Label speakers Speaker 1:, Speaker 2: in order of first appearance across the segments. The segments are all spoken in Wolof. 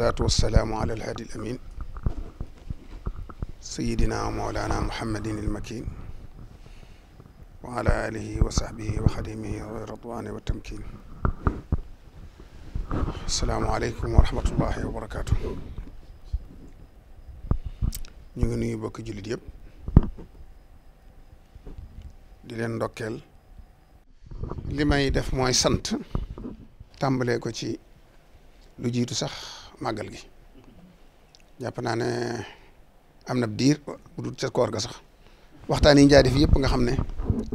Speaker 1: salaatu wassalaamu ala alhaadi alamin sayidina wa mawlana muhammadin almakin wa ala alihi wa sahbihi wa xadimihi wa ridwaani wa tamkin assalaamu aleykum wa rahmatullahi wa barakaatu ñu ngi nuyu bokki jullit yëpp di leen ndokkeel li def mooy sant tàmbalee ko ci lu jiitu sax màggal gi jàpp naa ne am na diir bu dul ca koor ga sax waxtaan yi njaay def yëpp nga xam ne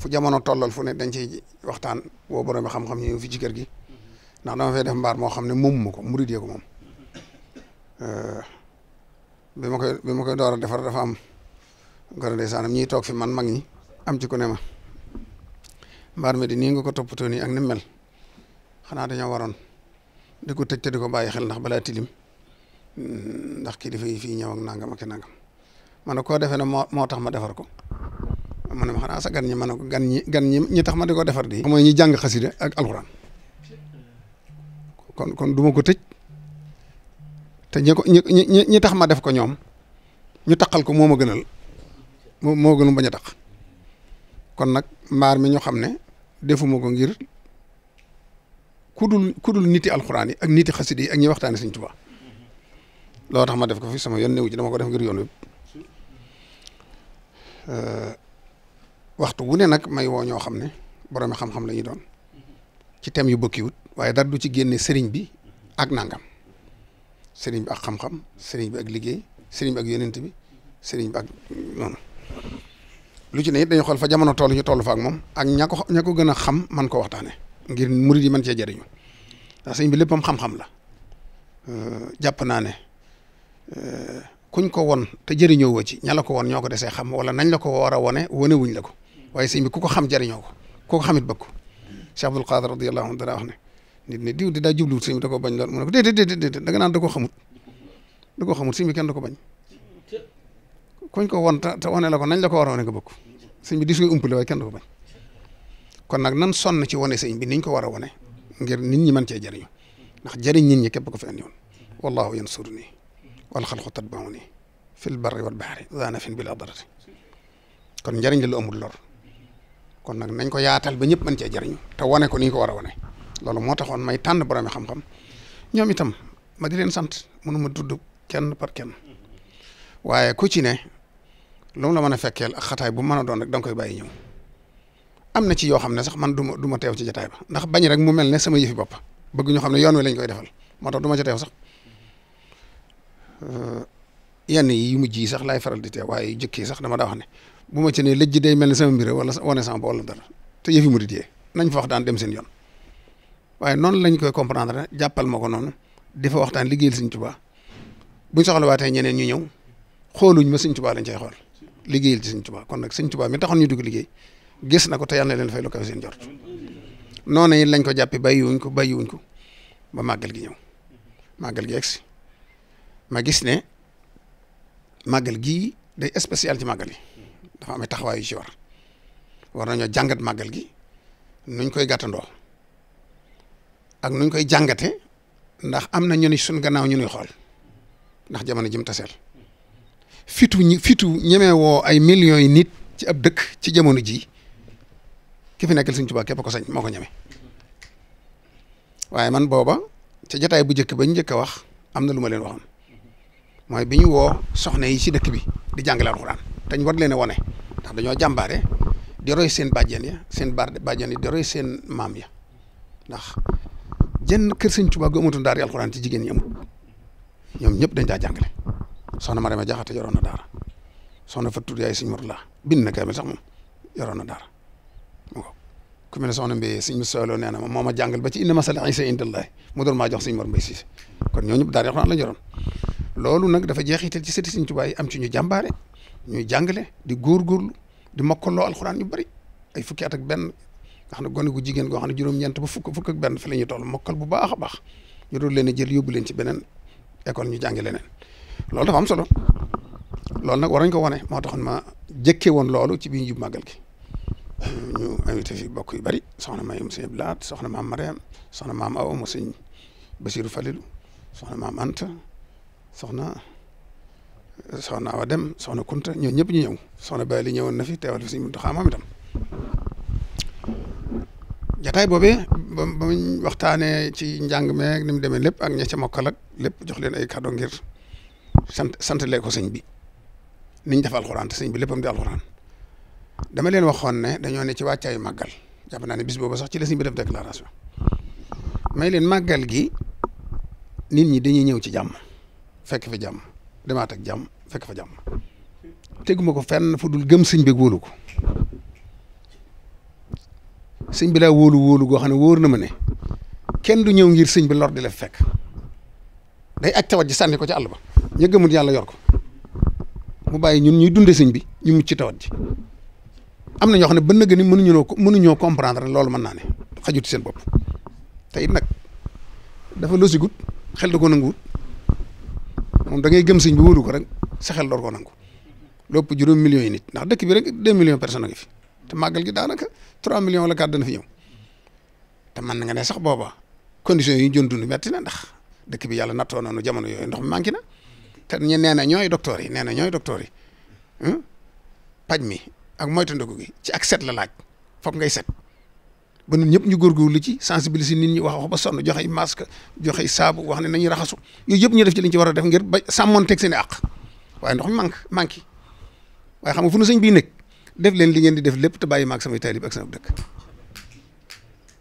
Speaker 1: fu jamono tollal fu ne dañ ciy waxtaan woo borom xam-xam ñi fi ci kër gi ndax dama fay def mbaar moo xam ne moomu mu ko murid ko moom bi ma koy bi koy door a defar dafa am gërëm ndeysaanam ñiy toog fi man mag ñi am ci ku ne ma mbaar mi di nii nga ko toppatoo nii ak ni mel xanaa dañoo waroon. di ko tëj te di ko bàyyi xel ndax balaa tilim mm, ndax kilifa yi fii ñëw ak nangam ak nangam ma ne koo defee ne moo moo tax ma defar ko ma ne ma gan ñi ma ne gan ñi gan ñi ñi tax ma di ko defar di mooy ñi jàng xasida ak alxuraan kon kon ko tëj te ñi ko tax ma def ko ñoom ñu taqal ko moo ma gënal moo moo gënal bañ a tax kon nag mbaar mi ñu xam ne defuma ko ngir. kudul kudul niti alxuraan yi ak niti xasida yi ak ñi waxtaane Sëñ Tuubaa loo tax ma def ko fi sama yoon newu ci dama ko def ngir yoon wi euh, waxtu wu ne nag may woo ñoo xam ne boroomi xam-xam la ñuy doon ci thème yu bëkkiwut waaye dara du ci génne sëriñ bi ak nangam sëriñ bi ak xam-xam sëriñ bi ak liggéey sëriñ bi ak yonent bi sëriñ bi ak noonu lu ci ne it dañu xool fa jamono toll ñu toll fa ak moom ak ña ko gën a xam man ko waxtaane ngir murid yi man cee jariñu ndax sëñ bi léppam xam-xam la euh, jàpp naa ne euh, kuñ ko won te jëriñoo woo ci ña ko won ñoo ko desee xam wala nañ la ko war a wone wane wuñ la ko waaye sëñ bi ku ko xam jëriñoo ko ku ko xamit bëgg ko Cheikh Abdul Qadir radiyallahu anhu dara wax ne nit ne di daa jubluwut sëñ bi ko bañ lool mu ne naan da koo xamut da koo xamut sëñ bi ko bañ kuñ ko won te wane la ko nañ la ko war a wane nga bëgg sëñ di suy umpale waaye kenn da bañ kon nag nan sonn ci wane sëñ bi niñ ko war a wane ngir nit ñi mën cee jariñ ndax jëriñ nit ñi képp ko fi andi woon wallahu yansuruni wal xalqu tatbauni fil barri wal bahri zanafin bila darati kon njëriñ la lu amul lor kon nag nañ ko yaatal ba ñëpp mën cee jariñ te wone ko ni ko war a wane loolu moo taxoon may tànn borom xam-xam ñoom itam ma di leen sant mënuma tudd kenn par kenn waaye ko ci ne lu mu la mën a fekkeel ak xataay bu mën a doon rek da koy bàyyi ñëw. am na ci yoo xam ne sax man du ma du teew ci jataay ba ndax bañ rek mu mel ne sama yëfi bopp bëgg ñu xam ne yoon wi lañ koy defal moo tax du ma ca teew sax euh, yenn yi mu mujj yi sax laay faral di teew waaye yu jëkk yi sax dama daa wax ne bu ma ci ne lëjj day mel ne sama mbir wala wane sama wala dara te yëfi murid yi nañ fa wax daan dem seen yoon waaye noonu lañ koy comprendre jàppal ma ko noonu di fa waxtaan liggéeyal Sëñ Tuubaa buñ soxla waatee ñeneen ñu ñëw xooluñ ma Sëñ Tuubaa lañ cay xool liggéeyal ci Sëñ Tuubaa kon nag Sëñ Tuubaa mi taxoon ñu dugg liggéey gis na ko te yàlla na leen fay lu kaw seen jort noonu it lañ ko jàppee bàyyiwuñ ko bàyyiwuñ ko ba màggal gi ñëw màggal gi egsi ma gis ne màggal gi day spécial ci màggal yi dafa amee taxawaay yu ci war nañoo jàngat màggal gi nuñ koy gàttandoo ak nuñ koy jàngate ndax am na ñu ni suñ gannaaw ñu nuy xool ndax jamono jim taseel fitu ñi fitu ay millions yi nit ci ab dëkk ci jamono ji ki fi nekkal Sëriñ Tuubaa képp ko sañ moo ko ñeme waaye man booba ca jataay bu njëkk ba ñu njëkk a wax am na lu ma leen waxoon mooy bi ñu woo soxna yi si dëkk bi di jàngale alxuraan dañ war leen a wone ndax dañoo jàmbaare di roy seen bàjjen ya seen bar bàjjen yi di seen maam ya ndax jën kër Sëriñ Tuubaa gu amatul daara alxuraan ci jigéen ñi ñoom ñëpp dañ daa jàngale soxna Marème Jaxate yoroon na daara soxna Fatou Yaay Sëriñ Murtala bind na kaamil sax moom yoroon na daara ku mel na soxna Mbaye sëñ Moussa Lo nee na moom moo ma jàngal ba ci inna masala isa indallahi mu doon maa jox sëñ Mor Mbaye Cissé kon ñooñu daal xam la ñu yoroon loolu nag dafa jeexital ci sëti sëñ Tuubaa yi am ci ñu ñuy jàngale di góorgóorlu di mokkaloo alxuraan yu bari ay fukki at benn nga xam ne gone gu jigéen goo xam ne juróom-ñeent ba fukk fukk ak benn fa la ñuy toll mokkal bu baax baax ñu doon leen a jël yóbbu leen ci beneen école ñu jàngi leneen loolu dafa am solo loolu nag war nañ ko wane moo taxoon ma jëkkee woon loolu ci bi ñu jub gi ñu invité fi bokk yu bari soxna may mu sëñ Abdou Lahad soxna maam Mariam soxna maam Awa mu sëñ Basiru Falilu soxna maam Anta soxna soxna Awa Dem soxna Kunta ñoo ñëpp ñu ñëw soxna Baali ñëwoon na fi teewal fi sëñ Muntaxa moom itam jataay ba waxtaanee ci njàng meeg ni mu demee lépp ak ña ca mokkal ak lépp jox leen ay kàddo ngir sant sant lee ko sëñ bi niñ def alxuraan bi léppam di alxuraan dama leen waxoon ne dañoo ne ci wàccaayu màggal jàpp naa ne bis boobu sax ci la sëñ bi def déclaration may leen màggal gi nit ñi dañuy ñëw ci jàmm fekk fi jàmm demaat ak jàmm fekk fa jàmm teguma ko fenn fu dul gëm sëñ bi wóolu ko sëñ bi laa wóolu wóolu goo xam ne wóor na ma ne kenn du ñëw ngir sëñ bi lor di la fekk day aj tawat ji sànni ko ci àll ba ña gëmul yàlla yor ko mu bàyyi ñun ñuy dunde sëñ bi ñu mucc ci tawat ji am na ñoo xam ne ba nëgg ni mënuñoo mënuñoo comprendre ne loolu ma naane ne xajut seen bopp te it nag dafa losigut xel da ko nangu moom da ngay gëm sëñ bi wóoru ko rek sa xel door ko nangu lépp juróom million yi nit ndax dëkk bi rek deux million personnes a ngi fi te màggal gi daanaka trois millions wala quatre dana fi ñëw te mën na nga ne sax booba conditions yi ñu doon dund metti na ndax dëkk bi yàlla nattoo noonu jamono yooyu ndox mi manqué na te ñu nee na ñooy docteur yi nee na ñooy docteur yi hmm? mi ak moytandiku gi ci ak set la laaj foog ngay set ba ñun ñëpp ñu góorgóorlu ci sensibiliser nit ñi wax wax ba sonn joxe masque joxe saabu wax ne nañu raxasu yooyu yëpp ñu def ci liñ ci war a def ngir ba sàmmoon teg seen waaye ndox mi manque manque xam nga sëñ bii nekk def leen li ngeen di def lépp te bàyyi maag samay taalib ak sama dëkk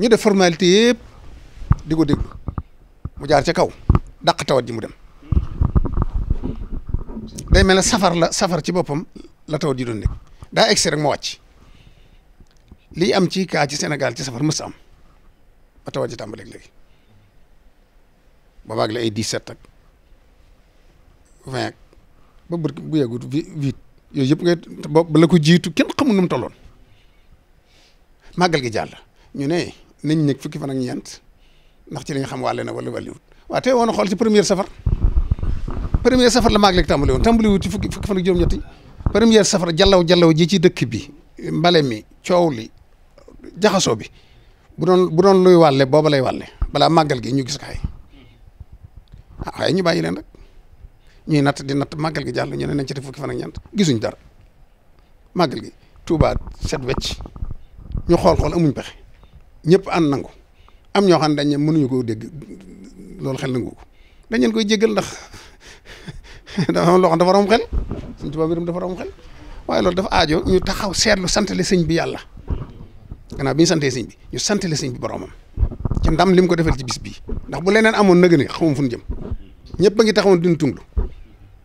Speaker 1: ñu def formalité yëpp di ko déglu mu jaar ca kaw dàq tawat ji mu dem day mel ne safar la safar ci boppam la tawat ji doon nekk. daa egsi rek mu wàcc lii am ci kaa ci senegal ci safar mës am ba taw a ji tàmbaleeg léegi boobaag la ay dix set ak vingt ba bët bu yeggut huit yooyu yëpp ngay ba la ko jiitu kenn xamul nu mu tolloon màggal gi jàll ñu ne nañ nekk fukki fan ak ñeent ndax ci li nga xam wàlle na wala wàlliwut waaw tey woon xool ci première safar première safar la màggal gi tàmbali woon tàmbali ci fukki fukki fan ak juróom-ñett première safara jallaw jallaw ji ci dëkk bi mbale mi coow li jaxasoo bi bu doon bu doon luy wàlle booba lay wàlle balaa màggal gi ñu gis kaay ah xëy ñu bàyyi leen rek ñuy natt di natt màggal gi jàll ñu ne ci def fukki fan gisuñ dara gi Touba set wecc ñu xool ñëpp ànd nangu ñoo xam ne dañ ne mënuñu koo dégg loolu xel nangu ko dañ leen koy jéggal ndax. dafa am loo xam dafa romb xel Sëñ Tuubaa mbirum dafa romb xel waaye loolu dafa aajo ñu taxaw seetlu santale sëñ bi yàlla gannaaw bi ñu santee sëñ bi ñu santale sëñ bi boromam ci ndam li mu ko defal ci bis bii ndax bu leneen amoon nag ne xamum fu ñu jëm ñëpp a ngi taxawoon dina tunglu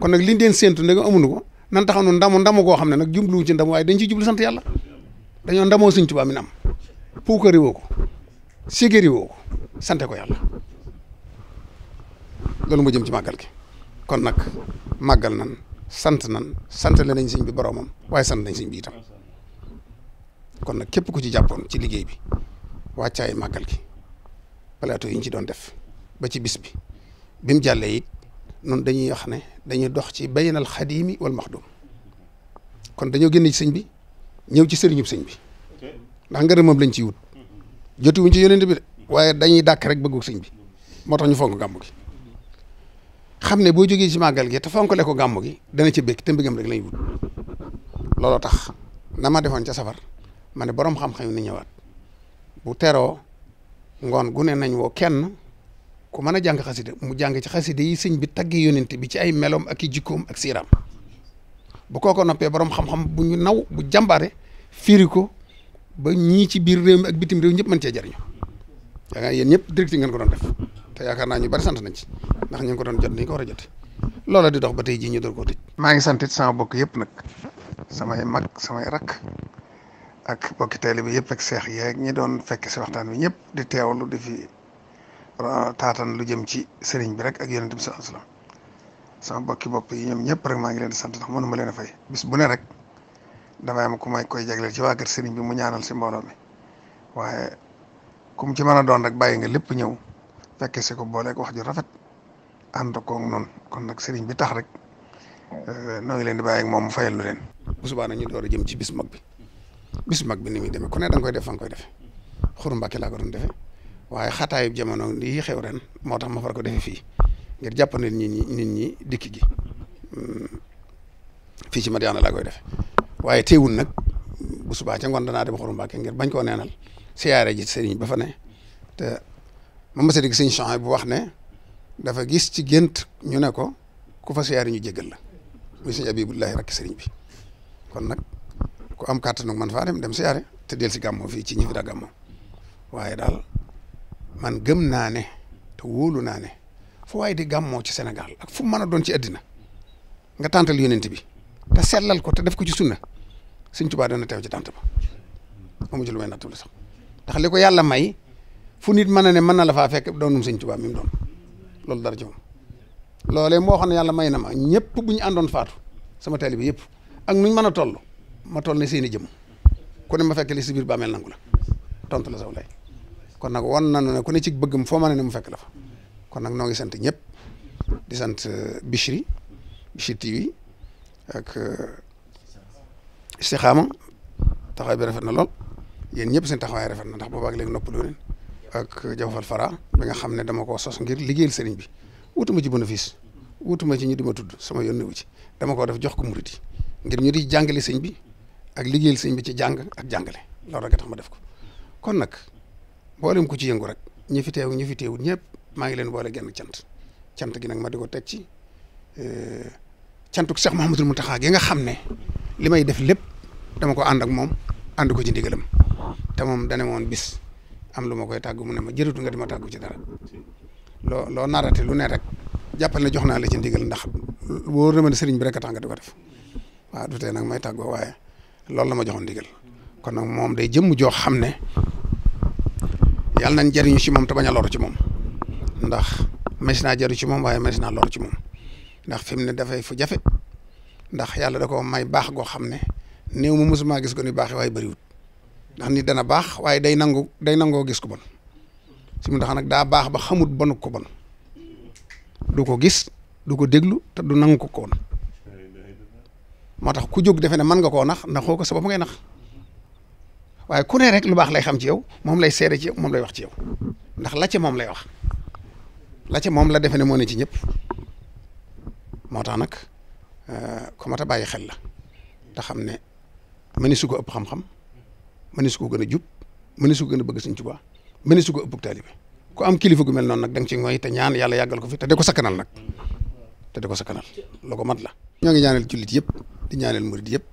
Speaker 1: kon nag liñ deen séentu nag amuñu ko nan taxaw nu ndamu ndamu goo xam ne nag jubluwuñ ci ndam waaye dañ ciy jublu sant yàlla dañoo ndamoo Sëñ Tuubaa mi na am puukari woo ko sigéri woo ko sante ko yàlla loolu moo jëm ci màggal gi kon nag màggal nan sant nan sant la nañ sëñ bi boroomam waaye sant nañ sëñ bi itam kon nag képp ku ci jàppoon ci liggéey bi wàccaay màggal gi plateau yi ñu ci doon def ba ci bis bi bi mu jàllee it noonu dañuy wax ne dañuy dox ci baynal xadiimi wal maxdum kon dañoo génn ci sëñ bi ñëw ci sëriñub sëñ bi ndax ngërëmam lañ ciy wut jotiwuñ ci yonent bi de waaye dañuy dàkk rek bëggu sëñ bi moo tax ñu fonk gàmmu gi xam ne boo jógee ci màggal gi te fonkale ko gàmmu gi dana ci békk te mbégam rek lañ wut looloo tax na ma defoon ca safar ma ne borom xam-xam ni ñëwaat bu teroo ngoon gune nañ woo kenn ku mën a jàng xasida mu jàng ci xasida yi sëñ bi taggee yonent bi ci ay meloom ak i jikkoom ak siiraam bu kooko noppee borom xam-xam bu ñu naw bu jàmbaare firi ko ba ñii ci biir réew ak bitim réew ñëpp man cee jariñu da nga yéen ñëpp ngeen ko doon def yaakaar naa ñu bari sant nañ ci ndax ñu ko doon jot ni ñu ko war a jot loola di dox ba tey jii ñu door koo tëj. maa ngi sant it sama bokk yëpp nag samay mag samay rakk ak bokki teel bi yëpp ak seex yeeg ñi doon fekk sa waxtaan bi ñëpp di teewlu di fi taatan lu jëm ci sëriñ bi rek ak yonent bi sallallahu alayhi wasallam sama bopp yi ñoom ñëpp rek maa ngi leen di sant ndax mënuma leen a fay bis bu ne rek damay am ku may koy jagleel ci waa kër sëriñ bi mu ñaanal si mbooloo mi waaye kum ci man a doon rek bàyyi nga lépp ñëw. fekke si ko booleeg wax ju rafet ànd koog noonu kon nag sëriñ bi tax rek euh, noo leen di bàyyi moom mu fayal lu leen. bu subaa ñu door a jëm ci bis mag bi bis mag bi ni muy demee ku ne da koy def fa nga koy def xuru Mbàkke laa ko doon defee waaye jamono yi ren moo tax ma far ko defee fii ngir jàppandil nit ñi nit ñi dikk gi hmm. fii ci Madiana laa koy def waaye teewul nag bu subaa ca ngoon danaa dem xuru Mbàkke ngir bañ koo neenal siyaare ji sëriñ ba fa ne ma mës a dégg sëñ Chouaib bu wax ne dafa gis ci gént ñu ne ko ku fas yaari ñu jéggal la muy sëñ Abibullahi rakk sëriñ bi kon nag ku am kàttan nag man faa dem dem siyaare te del si gàmmoo fii ci ñi fi daa waaye daal man gëm naa ne te wóolu naa ne fu waaye di gàmmoo ci Sénégal ak fu mën a doon ci àddina nga tàntal yonent bi te sellal ko te def ko ci sunna sëñ Tuubaa dana teew ci tànt ba amu ci lu may nattu sax ndax li ko yàlla may fu nit mën a ne mën na la faa fekk doonum sëñ Tuubaa mi mu doon loolu dara ci loole moo xam ne yàlla may na ma ñëpp bu ñu àndoon faatu sama taalibe yëpp ak nuñ mën a toll ma toll ne seen i jëm ku ne ma fekk li si biir bàmmeel nangu la tontu la saw lay kon nag wan nañu ne ku ne ci foo mën a mu fekk la fa kon nag noo ngi sant ñëpp di sant euh, Bichri Bichri TV ak euh, Istikhama taxawaay bi rafet na lool yéen ñëpp seen taxawaay rafet na ndax boobaak léegi nopp doo leen ak Jawfal Fara bi nga xam ne dama ko sos ngir liggéeyal sëriñ bi wutuma ci bénéfice wutuma ci ñu di ma tudd sama yoon wu ci dama koo def jox ko murid yi ngir ñu di jàngale sëñ bi ak liggéeyal sëñ bi ci jàng ak jàngale loolu rek tax ma def ko kon nag mboolem ku ci yëngu rek ñi fi teew ñi fi teewul ñëpp maa ngi leen boole genn cant cant gi nag ma di ko teg ci euh, cantuk Cheikh mu taxa gi nga xam ne li may def lépp dama ko ànd ak moom ànd ko ci ndigalam te moom dane woon bis am lu ma koy tàggu mu ne ma jërëtu nga di ma tàggu ci dara loo loo narate lu ne rek jàppal ne jox naa la ci ndigal ndax wóor na ma ne sëriñ bi rek a tax nga di ko def waaw du nag may tàggoo waaye loolu la ma joxoon ndigal kon nag moom day jëmm joo xam ne yàlla nañ jariñu ci moom te bañ a loru ci moom ndax mes naa jaru ci moom waaye mes naa loru ci moom ndax fi mu ne dafay fu jafe ndax yàlla da ko may baax goo xam ne new mu mosuma gis ko ni baaxee waaye bëriwut ndax nit dana baax waaye day nangu day nangoo gis ku bon si mu ndax nag daa baax ba xamut bonu ko bon du ko gis du ko déglu te du nangu ko koon moo tax ku jóg defe ne mën nga koo nax naxoo ko sa bopp ngay nax waaye ku ne rek lu baax lay xam ci yow moom lay seede ci yow moom lay wax ci yow ndax la moom lay wax la moom la defe ne moo ne ci ñëpp moo tax nag euh, ku mat bàyyi xel la te xam ne mëni su ko ëpp xam-xam mënees ko gën a jub mënees ko gën a bëgg Sëñ Tuubaa mënees ko ëpp taalibe ku am kilifa gu mel noonu nag da nga ci ngoy te ñaan yàlla yàggal ko fi te de ko sakkanal nag te de ko sakkanal loo ko mat la ñoo ngi ñaanal jullit yëpp di ñaanal murid yëpp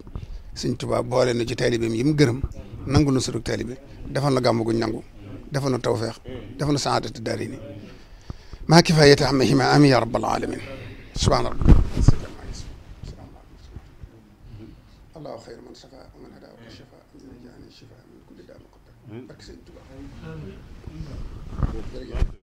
Speaker 1: Sëñ Tuubaa boole na ci taalibeem yi mu gërëm nangu na surug taalibe defal na gàmmu guñ nangu defal na tawfeex defal na saadatu daarayni maa kifaayata amihima amin ya rabbal alamin subhaana rabbi ak sëñ Tuubaa